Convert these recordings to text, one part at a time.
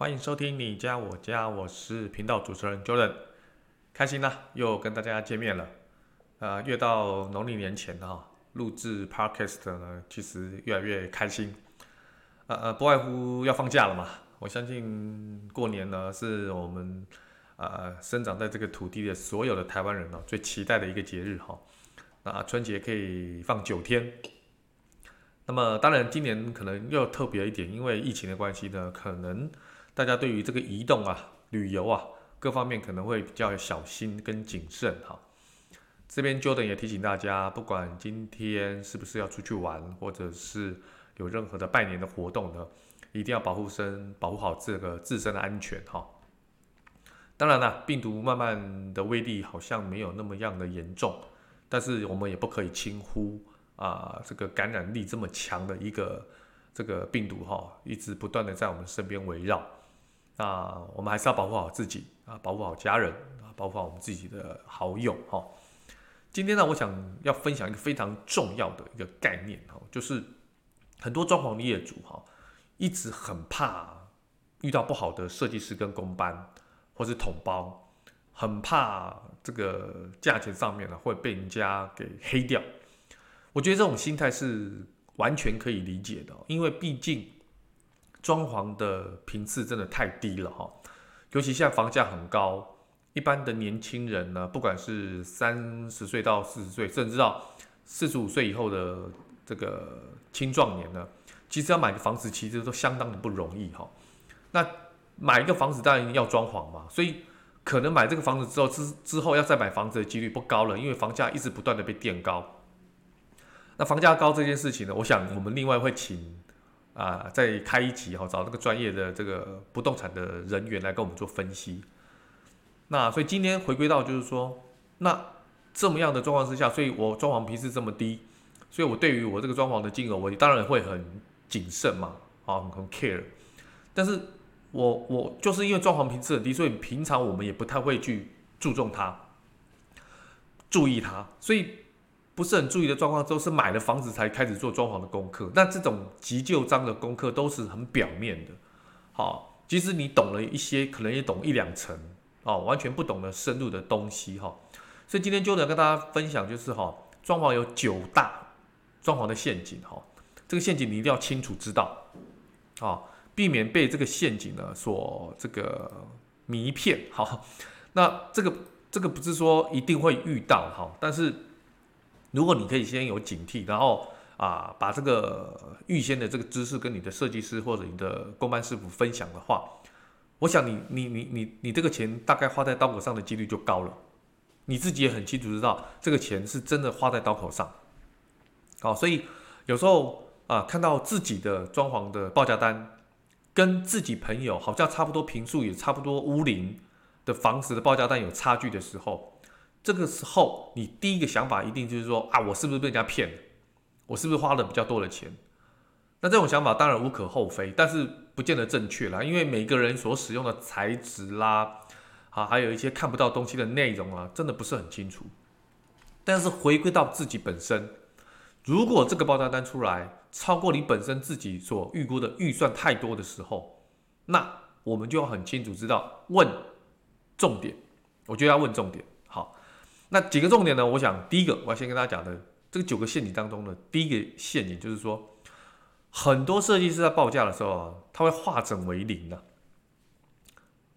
歡迎收聽你家我家，我是頻道主持人 Jordan，開心啦，又跟大家見面了。越、呃、到農曆年前呢、哦，錄制 Podcast 呢，其實越來越開心。呃呃，不外乎要放假了嘛。我相信過年呢，是我們呃生長在這個土地的所有的台灣人呢、哦、最期待的一個節日哈、哦。那、呃、春節可以放九天，那麼當然今年可能又特別一點，因爲疫情的關係呢，可能。大家對於這個移動啊、旅遊啊，各方面可能會比較小心跟謹慎哈。這邊 Jordan 也提醒大家，不管今天是不是要出去玩，或者是有任何的拜年的活動呢，一定要保護身，保護好這個自身的安全哈。當然啦，啊，病毒慢慢的威力好像沒有那麼樣的嚴重，但是我們也不可以輕忽啊，這個感染力這麼強的一個這個病毒哈，一直不斷的在我們身邊圍繞。那我們還是要保護好自己啊，保護好家人啊，保護好我們自己的好友哈。今天呢，我想要分享一個非常重要的一個概念哈，就是很多裝潢的業主哈，一直很怕遇到不好的設計師跟工班，或是統包，很怕這個價錢上面呢會被人家給黑掉。我覺得這種心態是完全可以理解的，因為畢竟。裝潢的頻次真的太低了哈，尤其現在房價很高，一般的年輕人呢，不管是三十歲到四十歲，甚至到四十五歲以後的這個青壯年呢，其實要買個房子，其實都相當的不容易哈。那買一個房子當然要裝潢嘛，所以可能買這個房子之後之之後要再買房子的幾率不高了，因為房價一直不斷的被墊高。那房價高這件事情呢，我想我們另外會請。啊，再開一集哈，找那個專業的這個不動產的人員來跟我們做分析。那所以今天回歸到就是說，那這麼樣的狀況之下，所以我裝潢頻次這麼低，所以我對於我這個裝潢的金額，我當然會很謹慎嘛，啊，很 care。但是我，我我就是因為裝潢頻次很低，所以平常我們也不太會去注重它，注意它，所以。不是很注意的狀況，都是買了房子才開始做裝潢的功課。那這種急就章的功課都是很表面的，好、哦，即使你懂了一些，可能也懂一兩層，哦，完全不懂得深入的東西，哈、哦。所以今天就來跟大家分享，就是哈，裝、哦、潢，有九大裝潢的陷阱，哈、哦，這個陷阱你一定要清楚知道，啊、哦，避免被這個陷阱呢所這個迷騙，哈、哦。那這個這個不是說一定會遇到，哈、哦，但是。如果你可以先有警惕，然後啊，把這個預先的這個知識跟你的設計師或者你的工班師傅分享的話，我想你你你你你這個錢大概花在刀口上的幾率就高了，你自己也很清楚知道這個錢是真的花在刀口上。好、啊，所以有時候啊，看到自己的裝潢的報價單跟自己朋友好像差不多，坪數，也差不多，屋齡的房子的報價單有差距的時候。這個時候，你第一個想法一定就是說啊，我是不是被人家騙了？我是不是花了比較多的錢？那這種想法當然無可厚非，但是不見得正確啦，因為每個人所使用的材質啦，啊，還有一些看不到東西的內容啊，真的不是很清楚。但是回歸到自己本身，如果這個報價單出來超過你本身自己所預估的預算太多的時候，那我們就要很清楚知道問重點，我就要問重點。那幾個重點呢？我想第一個，我要先跟大家講的這個九個陷阱當中呢，第一個陷阱就是說，很多設計師在報價的時候啊，他會化整為零的啊。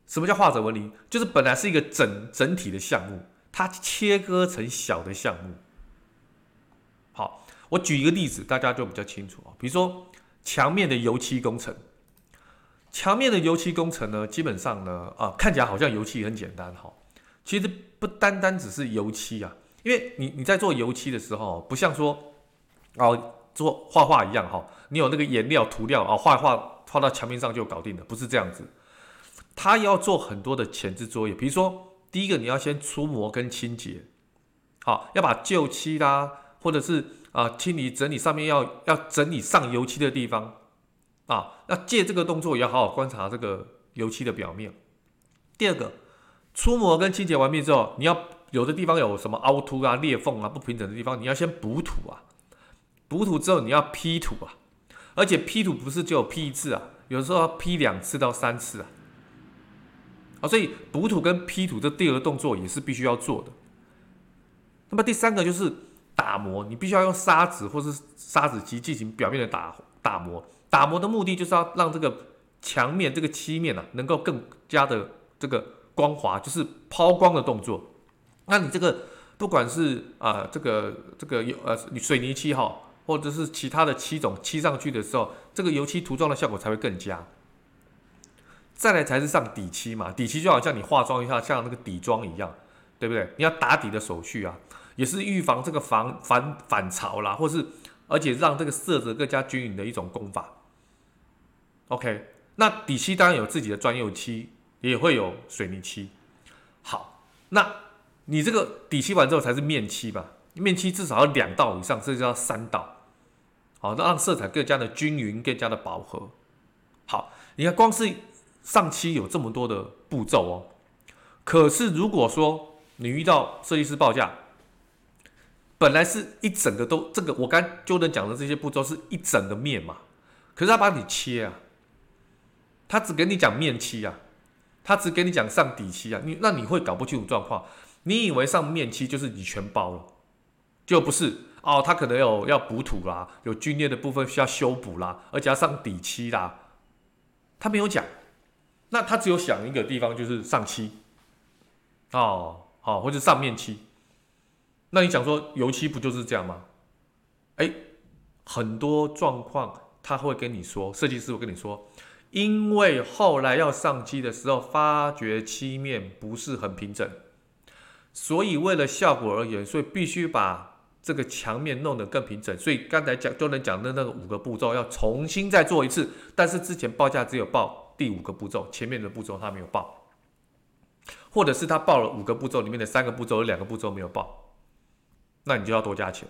什麼叫化整為零？就是本來是一個整整體的項目，它切割成小的項目。好，我舉一個例子，大家就比較清楚啊。比如說牆面的油漆工程，牆面的油漆工程呢，基本上呢，啊，看起來好像油漆很簡單哦，哈。其實不單單只是油漆啊，因為你你在做油漆的時候，不像說，哦、啊、做畫畫一樣哈、啊，你有那個顏料塗料啊，畫一畫畫到牆面上就搞定了，不是這樣子。他要做很多的前置作業，比如說第一個你要先粗磨跟清潔，好、啊、要把舊漆啦，或者是啊清理整理上面要要整理上油漆的地方啊，要借這個動作也要好好觀察這個油漆的表面。第二個。出磨跟清潔完畢之後，你要有的地方有什麼凹凸啊、裂縫啊、不平整的地方，你要先補土啊。補土之後，你要批土啊，而且批土不是只有批一次啊，有時候要批兩次到三次啊。啊，所以補土跟批土這第二個動作也是必須要做的。那麼第三個就是打磨，你必須要用砂紙或是砂紙機進行表面的打打磨。打磨的目的就是要讓這個牆面這個漆面啊能夠更加的這個。光滑，就是拋光的動作，那你這個不管是啊、呃、這個這個油呃水泥漆哈，或者是其他的漆種漆上去的時候，這個油漆塗裝的效果才會更佳。再來才是上底漆嘛，底漆就好像你化妝一下，像那個底妝一樣，對不對？你要打底的手續啊，也是預防這個防反反潮啦，或是而且讓這個色澤更加均勻的一種工法。OK，那底漆當然有自己的專用漆。也會有水泥漆，好，那你這個底漆完之後才是面漆吧？面漆至少要兩道以上，這叫三道，好，那讓色彩更加的均勻，更加的飽和。好，你看光是上漆有這麼多的步驟哦。可是如果說你遇到設計師報價，本來是一整個都這個我剛就能講的這些步驟是一整個面嘛，可是他把你切啊，他只跟你講面漆啊。他只跟你講上底漆啊，你那你會搞不清楚狀況，你以為上面漆就是你全包了，就不是哦，他可能有要補土啦，有龜裂的部分需要修補啦，而且要上底漆啦，他沒有講，那他只有想一個地方就是上漆，哦，好，哦，或者上面漆，那你想說油漆不就是這樣嗎？哎、欸，很多狀況他會跟你說，設計師會跟你說。因為後來要上漆的時候，發覺漆面不是很平整，所以為了效果而言，所以必須把這個牆面弄得更平整。所以剛才講就能講的那個五個步驟，要重新再做一次。但是之前報價只有報第五個步驟，前面的步驟他沒有報，或者是他報了五個步驟裡面的三個步驟，有兩個步驟沒有報，那你就要多加錢。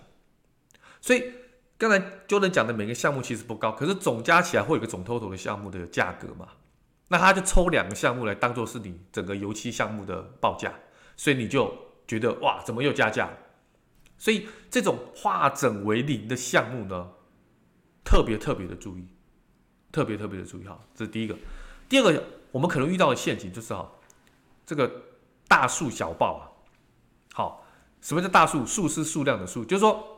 所以。剛才就能講的每個項目其實不高，可是總加起來會有一個總 total 的項目的價格嘛，那他就抽兩個項目來當做是你整個油漆項目的報價，所以你就覺得哇，怎麼又加價？所以這種化整為零的項目呢，特別特別的注意，特別特別的注意哈，這是第一個。第二個，我們可能遇到的陷阱就是哈，這個大數小報啊，好，什麼叫大數？數是數量的數，就是說。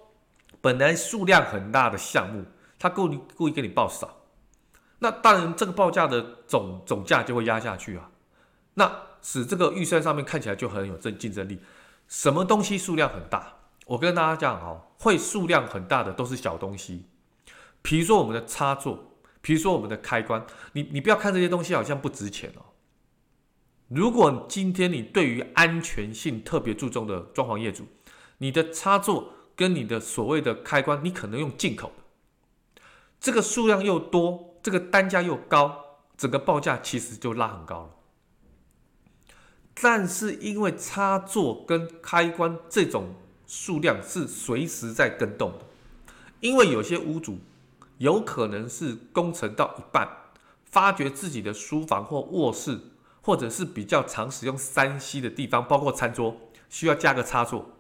本來數量很大的項目，他故意故意給你報少，那當然這個報價的總總價就會壓下去啊，那使這個預算上面看起來就很有爭競爭力。什麼東西數量很大？我跟大家講哦，會數量很大的都是小東西，比如說我們的插座，比如說我們的開關，你你不要看這些東西好像不值錢哦。如果今天你對於安全性特別注重的裝潢業主，你的插座。跟你的所謂的開關，你可能用進口的，這個數量又多，這個單價又高，整個報價其實就拉很高了。但是因為插座跟開關這種數量是隨時在更動的，因為有些屋主有可能是工程到一半，發覺自己的書房或臥室，或者是比較常使用三 C 的地方，包括餐桌，需要加個插座，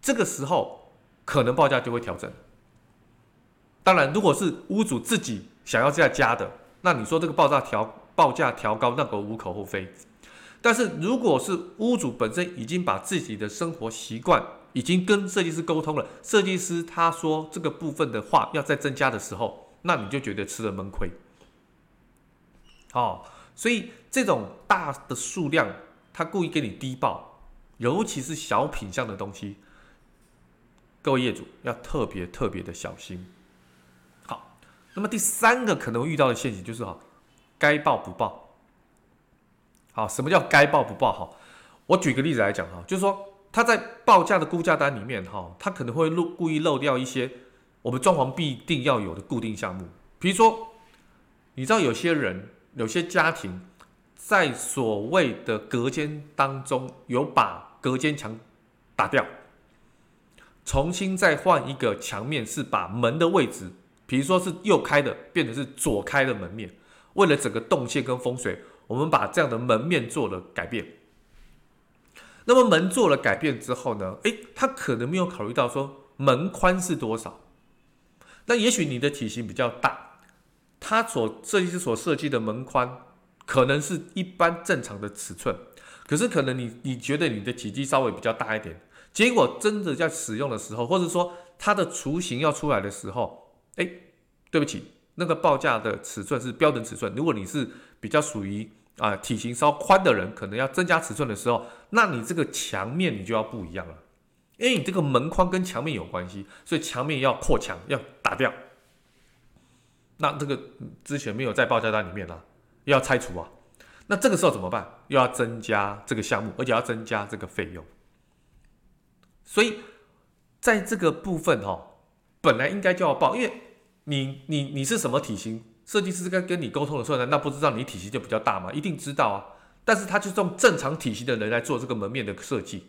這個時候，可能報價就會調整。當然，如果是屋主自己想要這樣加的，那你說這個報價調報價調高，那個、我無可厚非。但是，如果是屋主本身已經把自己的生活習慣已經跟設計師溝通了，設計師他說這個部分的話要再增加的時候，那你就覺得吃了悶虧。哦，所以這種大的數量，他故意給你低報，尤其是小品項的東西。各位業主要特別特別的小心。好，那麼第三個可能遇到的陷阱就是哈，該報不報。好，什麼叫該報不報？哈，我舉個例子來講哈，就是說他在報價的估價單裡面哈，他可能會漏，故意漏掉一些我們裝潢必定要有的固定項目，比如說，你知道有些人有些家庭在所謂的隔間當中有把隔間牆打掉。重新再換一個牆面，是把門的位置，比如說是右開的，變成是左開的門面。為了整個動線跟風水，我們把這樣的門面做了改變。那麼門做了改變之後呢，哎，他可能沒有考慮到說門寬是多少。那也許你的體型比較大，他所設計師所設計的門寬可能是一般正常的尺寸，可是可能你你覺得你的體積稍微比較大一點。結果真的在使用的時候，或者說它的雛形要出來的時候，哎，對不起，那個報價的尺寸是標準尺寸。如果你是比較屬於啊、呃、體型稍寬的人，可能要增加尺寸的時候，那你這個牆面你就要不一樣了。因為你這個門框跟牆面有關係，所以牆面要擴牆要打掉。那這個之前沒有在報價單裡面了要拆除啊。那這個時候怎麼辦？又要增加這個項目，而且要增加這個費用。所以，在這個部分哈、哦，本來應該就要爆，因為你你你是什麼體型？設計師在跟，跟你溝通的時候難道不知道你體型就比較大嗎？一定知道啊。但是他就是用正常體型的人來做這個門面的設計，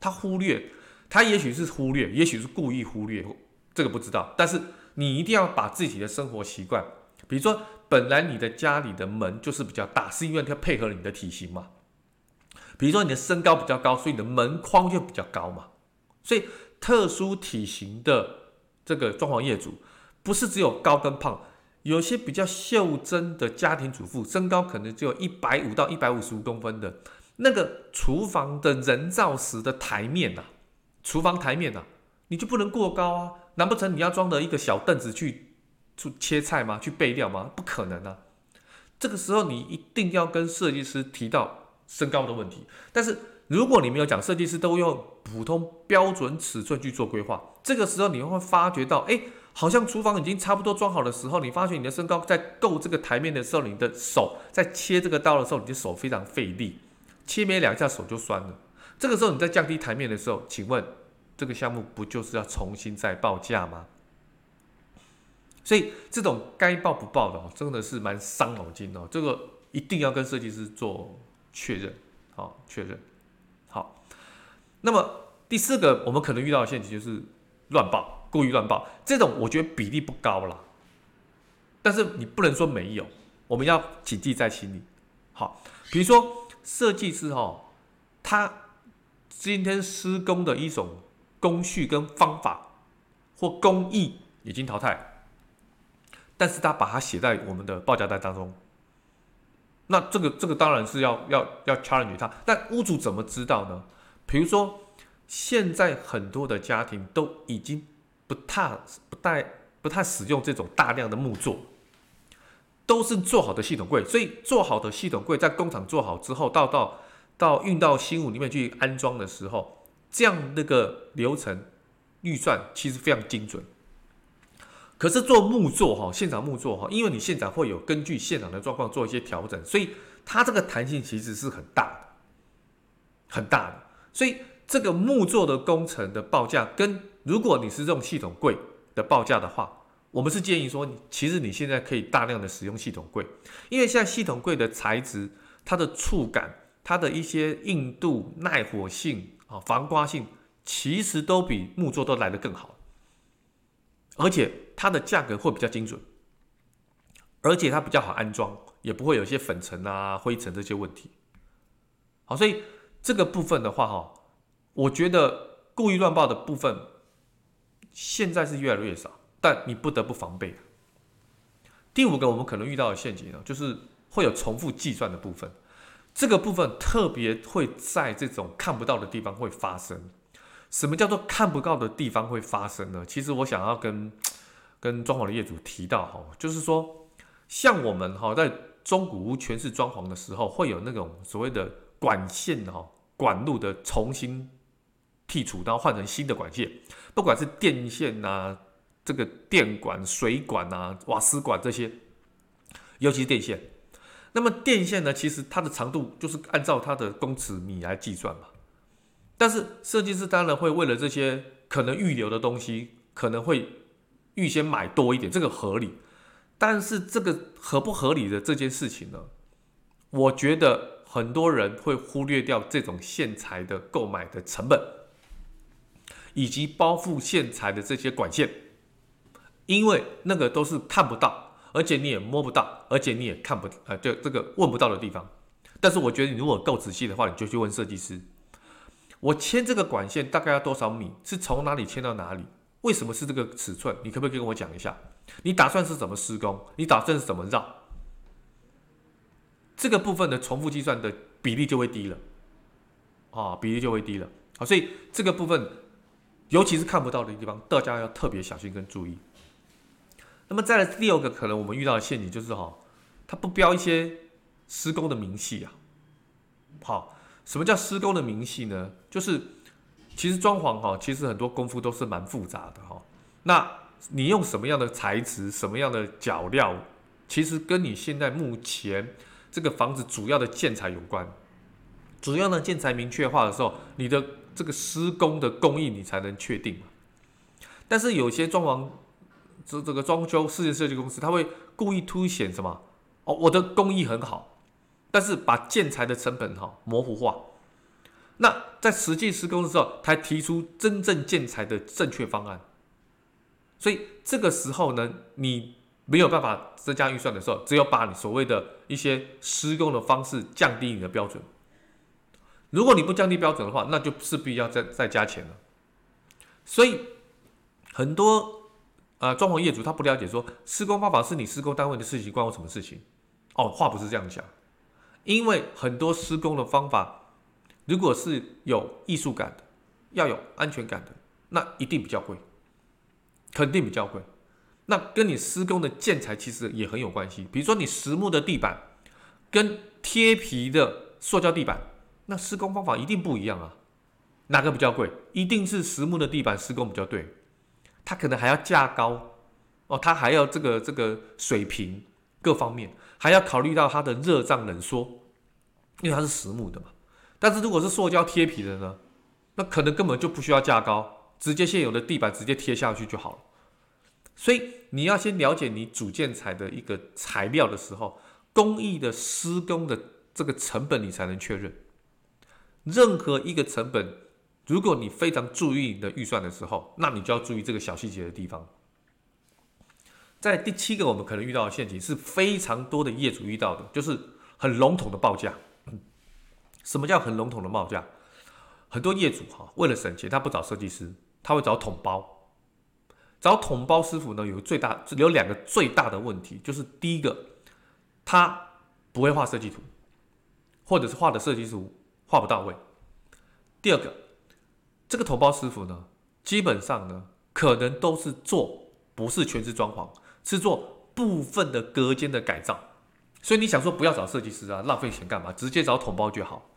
他忽略，他也許是忽略，也許是故意忽略，這個不知道。但是你一定要把自己的生活習慣，比如說本來你的家裡的門就是比較大，是因為他配合你的體型嘛。比如說你的身高比較高，所以你的門框就比較高嘛。所以特殊體型的這個裝潢業主，不是只有高跟胖，有些比較袖珍的家庭主婦，身高可能只有一百五到一百五十五公分的那個廚房的人造石的台面吶、啊，廚房台面吶、啊，你就不能過高啊？難不成你要裝的一個小凳子，去去切菜嗎？去備料嗎？不可能啊！這個時候你一定要跟設計師提到。身高的問題，但是如果你沒有講，設計師都用普通標準尺寸去做規劃，這個時候你會發覺到，哎、欸，好像廚房已經差不多裝好的時候，你發覺你的身高在夠這個台面的時候，你的手在切這個刀的時候，你的手非常費力，切沒兩下手就酸了。這個時候你在降低台面的時候，請問這個項目不就是要重新再報價嗎？所以這種該報不報的真的是蠻傷腦筋的。這個一定要跟設計師做確認，好，確認，好。那麼第四個，我們可能遇到的陷阱就是亂報、故意亂報這種，我覺得比例不高啦，但是你不能說沒有，我們要謹記在心裡。好，比如說設計師哈、哦，他今天施工的一種工序、跟方法或工藝已經淘汰，但是他把它寫在我們的報價單當中。那這個這個當然是要要要 challenge 他，但屋主怎麼知道呢？比如說，現在很多的家庭都已經不太不太不太使用這種大量的木作，都是做好的系統櫃，所以做好的系統櫃在工廠做好之後，到到到運到新屋裡面去安裝的時候，這樣那個流程預算其實非常精準。可是做木作哈，現場木作哈，因為你現場會有根據現場的狀況做一些調整，所以它這個彈性其實是很大的，很大的。所以這個木作的工程的報價跟如果你是這種系統櫃的報價的話，我們是建議說，其實你現在可以大量的使用系統櫃，因為現在系統櫃的材質、它的觸感、它的一些硬度、耐火性啊、防刮性，其實都比木作都來得更好。而且它的價格會比較精準，而且它比較好安裝，也不會有一些粉塵啊、灰塵這些問題。好，所以這個部分的話，哈，我覺得故意亂報的部分現在是越來越少，但你不得不防備。第五個我們可能遇到的陷阱呢，就是會有重複計算的部分，這個部分特別會在這種看不到的地方會發生。什麼叫做看不到的地方會發生呢？其實我想要跟跟裝潢的業主提到哈，就是說像我們哈在中古屋全室裝潢的時候，會有那種所謂的管線哈管路的重新剔除，然後換成新的管線，不管是電線吶、啊，這個電管、水管吶、啊、瓦斯管這些，尤其是電線。那麼電線呢，其實它的長度就是按照它的公尺米來計算嘛。但是設計師當然會為了這些可能預留的東西，可能會預先買多一點，這個合理。但是這個合不合理的這件事情呢？我覺得很多人會忽略掉這種線材的購買的成本，以及包覆線材的這些管線，因為那個都是看不到，而且你也摸不到，而且你也看不，啊、呃，就這個問不到的地方。但是我覺得你如果夠仔細的話，你就去問設計師。我牽這個管線大概要多少米？是從哪裡牽到哪裡？為什麼是這個尺寸？你可不可以跟我講一下？你打算是怎麼施工？你打算是怎麼繞？這個部分的重複計算的比例就會低了，啊、哦，比例就會低了。啊、哦，所以這個部分，尤其是看不到的地方，大家要特別小心跟注意。那麼，再來第二個可能我們遇到的陷阱就是哈、哦，它不標一些施工的明細啊，好、哦。什麼叫施工的明細呢？就是其實裝潢哈，其實很多功夫都是蠻複雜的哈。那你用什麼樣的材質、什麼樣的腳料，其實跟你現在目前這個房子主要的建材有關。主要呢，建材明確化的時候，你的這個施工的工藝你才能確定嘛。但是有些裝潢這這個裝修設計設計公司，它會故意凸顯什麼？哦，我的工藝很好。但是把建材的成本哈模糊化，那在實際施工的時候，才提出真正建材的正確方案。所以這個時候呢，你沒有辦法增加預算的時候，只有把你所謂的一些施工的方式降低你的標準。如果你不降低標準的話，那就勢必要再再加錢了。所以很多呃裝潢業主他不了解說，施工方法是你施工單位的事情，關我什麼事情？哦，話不是這樣講。因為很多施工的方法，如果是有藝術感的，要有安全感的，那一定比較貴，肯定比較貴。那跟你施工的建材其實也很有關係。比如說你實木的地板，跟貼皮的塑膠地板，那施工方法一定不一樣啊。哪個比較貴？一定是實木的地板施工比較對，它可能還要架高哦，它還要這個這個水平。各方面還要考慮到它的熱脹冷縮，因為它是實木的嘛。但是如果是塑膠貼皮的呢，那可能根本就不需要架高，直接現有的地板直接貼下去就好了。所以你要先了解你主建材的一個材料的時候，工藝的施工的這個成本，你才能確認任何一個成本。如果你非常注意你的預算的時候，那你就要注意這個小細節的地方。在第七個，我們可能遇到的陷阱是非常多的業主遇到的，就是很籠統的報價。什麼叫很籠統的報價？很多業主哈、啊，為了省錢，他不找設計師，他會找統包。找統包師傅呢，有最大有兩個最大的問題，就是第一個，他不會畫設計圖，或者是畫的設計圖畫不到位。第二個，這個統包師傅呢，基本上呢，可能都是做不是全職裝潢。是做部分的隔間的改造，所以你想說不要找設計師啊，浪費錢幹嘛？直接找統包就好。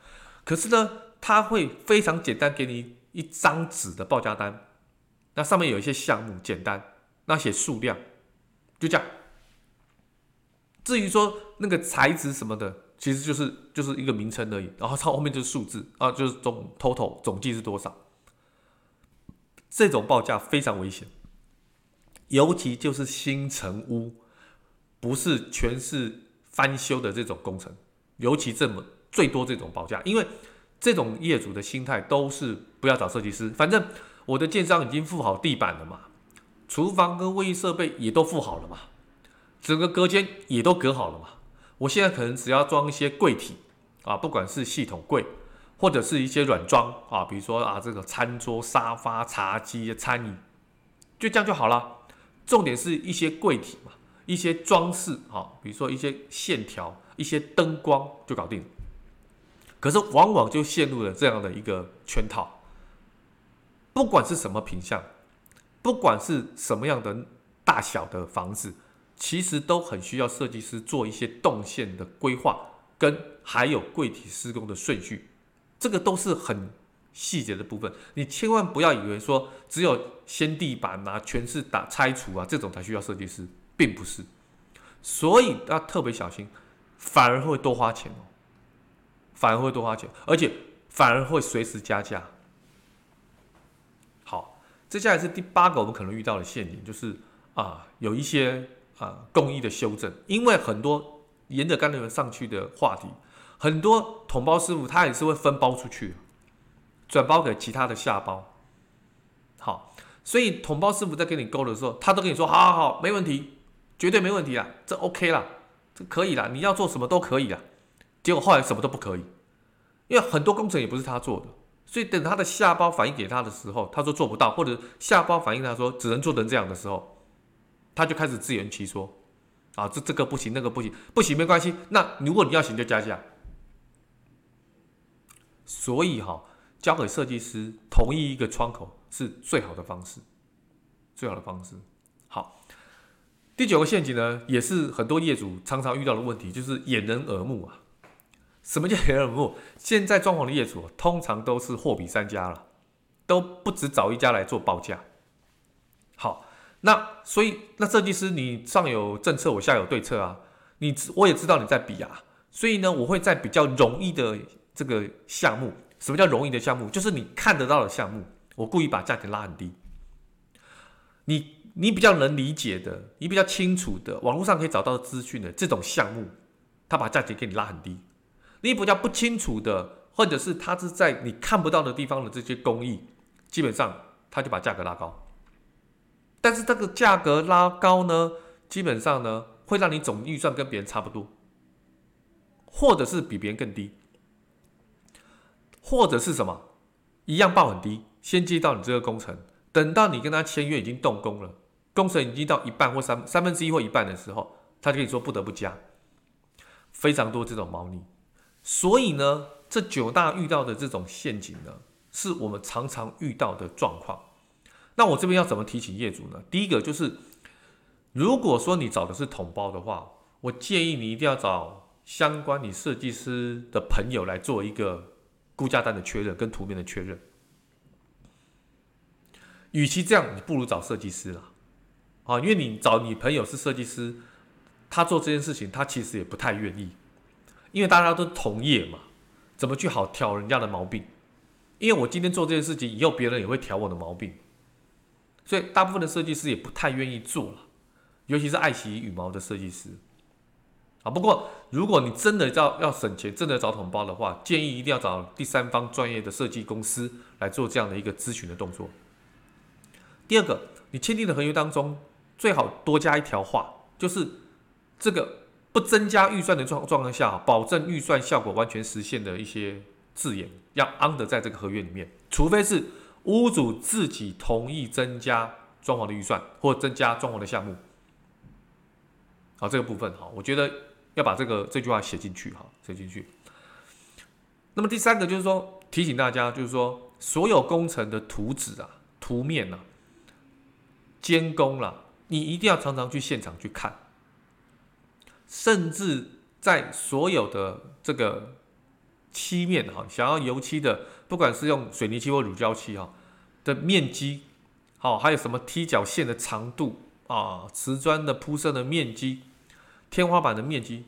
可是呢，他會非常簡單給你一張紙的報價單，那上面有一些項目，簡單，那寫數量，就這樣。至於說那個材質什麼的，其實就是就是一個名稱而已，然後到後面就是數字啊，就是總 total 總計是多少。這種報價非常危險。尤其就是新成屋，不是全是翻修的這種工程，尤其這麼最多這種報價，因為這種業主的心態都是不要找設計師，反正我的建商已經鋪好地板了嘛，廚房跟衛浴設備也都鋪好了嘛，整個隔間也都隔好了嘛，我現在可能只要裝一些櫃體啊，不管是系統櫃或者是一些軟裝啊，比如說啊這個餐桌、沙發、茶几、餐椅，就這樣就好了。重點是一些櫃體嘛，一些裝飾啊，比如說一些線條、一些燈光就搞定了。可是往往就陷入了這樣的一個圈套。不管是什麼品項，不管是什麼樣的大小的房子，其實都很需要設計師做一些動線的規劃，跟還有櫃體施工的順序，這個都是很細節的部分，你千萬不要以為說只有掀地板啊，全是打拆除啊，這種才需要設計師，並不是。所以要特別小心，反而會多花錢哦，反而會多花錢，而且反而會隨時加價。好，接下來是第八個我們可能遇到的陷阱，就是啊、呃，有一些啊、呃、工藝的修正，因為很多沿着剛才的上去的話題，很多統包師傅他也是會分包出去。轉包給其他的下包，好，所以統包師傅在跟你溝的時候，他都跟你說，好好好，沒問題，絕對沒問題啊，這 OK 啦，這可以啦，你要做什麼都可以啦。結果後來什麼都不可以，因為很多工程也不是他做的，所以等他的下包反映給他的時候，他說做不到，或者下包反映他說只能做成這樣的時候，他就開始自圓其說，啊，這這個不行，那個不行，不行沒關係，那如果你要行就加價。所以哈。交給設計師同意一個窗口是最好的方式，最好的方式。好，第九個陷阱呢，也是很多業主常常遇到的問題，就是掩人耳目啊。什麼叫掩人耳目？現在裝潢的業主通常都是貨比三家了，都不只找一家來做報價。好，那所以那設計師，你上有政策，我下有對策啊。你我也知道你在比啊，所以呢，我會在比較容易的這個項目。什麼叫容易的項目？就是你看得到的項目，我故意把價錢拉很低。你你比較能理解的，你比較清楚的，網絡上可以找到資訊的這種項目，他把價錢給你拉很低。你比較不清楚的，或者是他是在你看不到的地方的這些工藝，基本上他就把價格拉高。但是這個價格拉高呢，基本上呢會讓你總預算跟別人差不多，或者是比別人更低。或者是什麼一樣報很低，先接到你這個工程，等到你跟他簽約已經動工了，工程已經到一半或三三分之一或一半的時候，他就可以說不得不加，非常多這種貓膩。所以呢，這九大遇到的這種陷阱呢，是我們常常遇到的狀況。那我這邊要怎麼提醒業主呢？第一個就是，如果說你找的是統包的話，我建議你一定要找相關你設計師的朋友來做一個。估價單的確認跟圖片的確認，與其這樣，你不如找設計師啦，啊，因為你找你朋友是設計師，他做這件事情，他其實也不太願意，因為大家都同業嘛，怎麼去好挑人家的毛病？因為我今天做這件事情，以後別人也會挑我的毛病，所以大部分的設計師也不太願意做了，尤其是愛惜羽毛的設計師。啊，不過如果你真的要要省錢，真的找同胞的話，建議一定要找第三方專業的設計公司來做這樣的一個諮詢的動作。第二個，你簽訂的合約當中最好多加一條話，就是這個不增加預算的狀狀況下，保證預算效果完全實現的一些字眼，要昂 n 在這個合約裡面，除非是屋主自己同意增加裝潢的預算或增加裝潢的項目。好，這個部分好，我覺得。要把這個這句話寫進去哈，寫進去。那麼第三個就是說，提醒大家，就是說，所有工程的圖紙啊、圖面啊、監工了啊，你一定要常常去現場去看。甚至在所有的這個漆面哈，想要油漆的，不管是用水泥漆或乳膠漆哈的面積，好，還有什麼踢腳線的長度啊，瓷磚的鋪設的面積。天花板的面積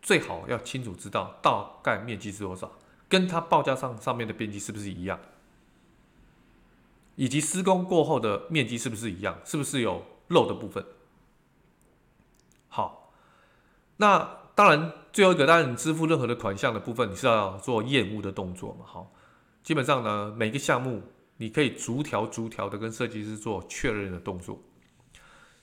最好要清楚知道大概面積是多少，跟它報價上上面的面積是不是一樣，以及施工過後的面積是不是一樣，是不是有漏的部分？好，那當然最後一個，當然你支付任何的款項的部分，你是要做驗屋的動作嘛？好，基本上呢，每個項目你可以逐條逐條的跟設計師做確認的動作。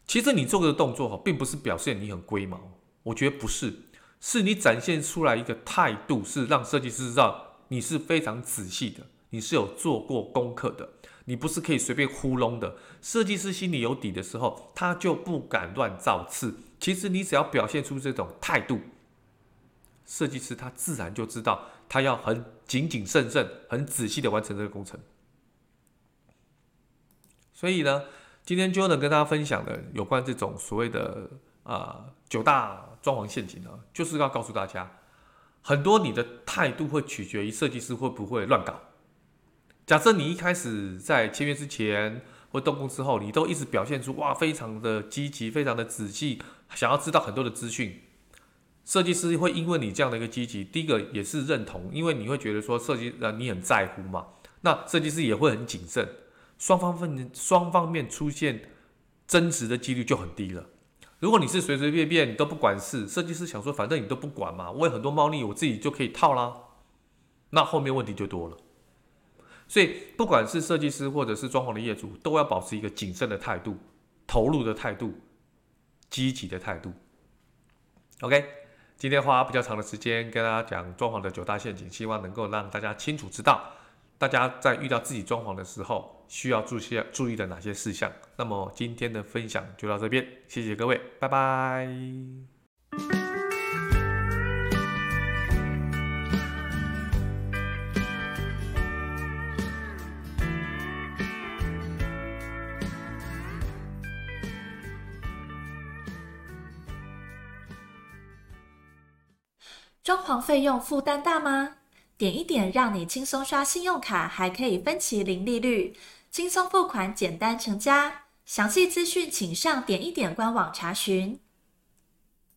其實你做的動作哈，並不是表現你很龜毛，我覺得不是，是你展現出來一個態度，是讓設計師知道你是非常仔細的，你是有做過功課的，你不是可以隨便糊弄的。設計師心裡有底的時候，他就不敢亂造次。其實你只要表現出這種態度，設計師他自然就知道，他要很謹謹慎慎、很仔細的完成這個工程。所以呢，今天就能跟大家分享的有關這種所謂的啊、呃、九大裝潢陷阱呢、啊，就是要告訴大家，很多你的態度會取決於設計師會不會亂搞。假設你一開始在簽約之前或動工之後，你都一直表現出哇，非常的積極，非常的仔細，想要知道很多的資訊，設計師會因為你這樣的一個積極，第一個也是認同，因為你會覺得說設計呃你很在乎嘛，那設計師也會很謹慎。雙方分雙方面出現爭執的幾率就很低了。如果你是隨隨便便你都不管事，設計師想說，反正你都不管嘛，我有很多貓膩，我自己就可以套啦,那後面問題就多了。所以不管是設計師或者是裝潢的業主，都要保持一個謹慎的態度、投入的態度、積極的態度。OK，今天花比較長的時間跟大家講裝潢的九大陷阱，希望能夠讓大家清楚知道，大家在遇到自己裝潢的時候需要注些注意的哪些事項？那麼今天的分享就到這邊，謝謝各位，拜拜。裝潢費用負擔大嗎？點一點讓你輕鬆刷信用卡，還可以分期零利率。輕鬆付款，簡單成家。詳細資訊請上點一點官網查詢。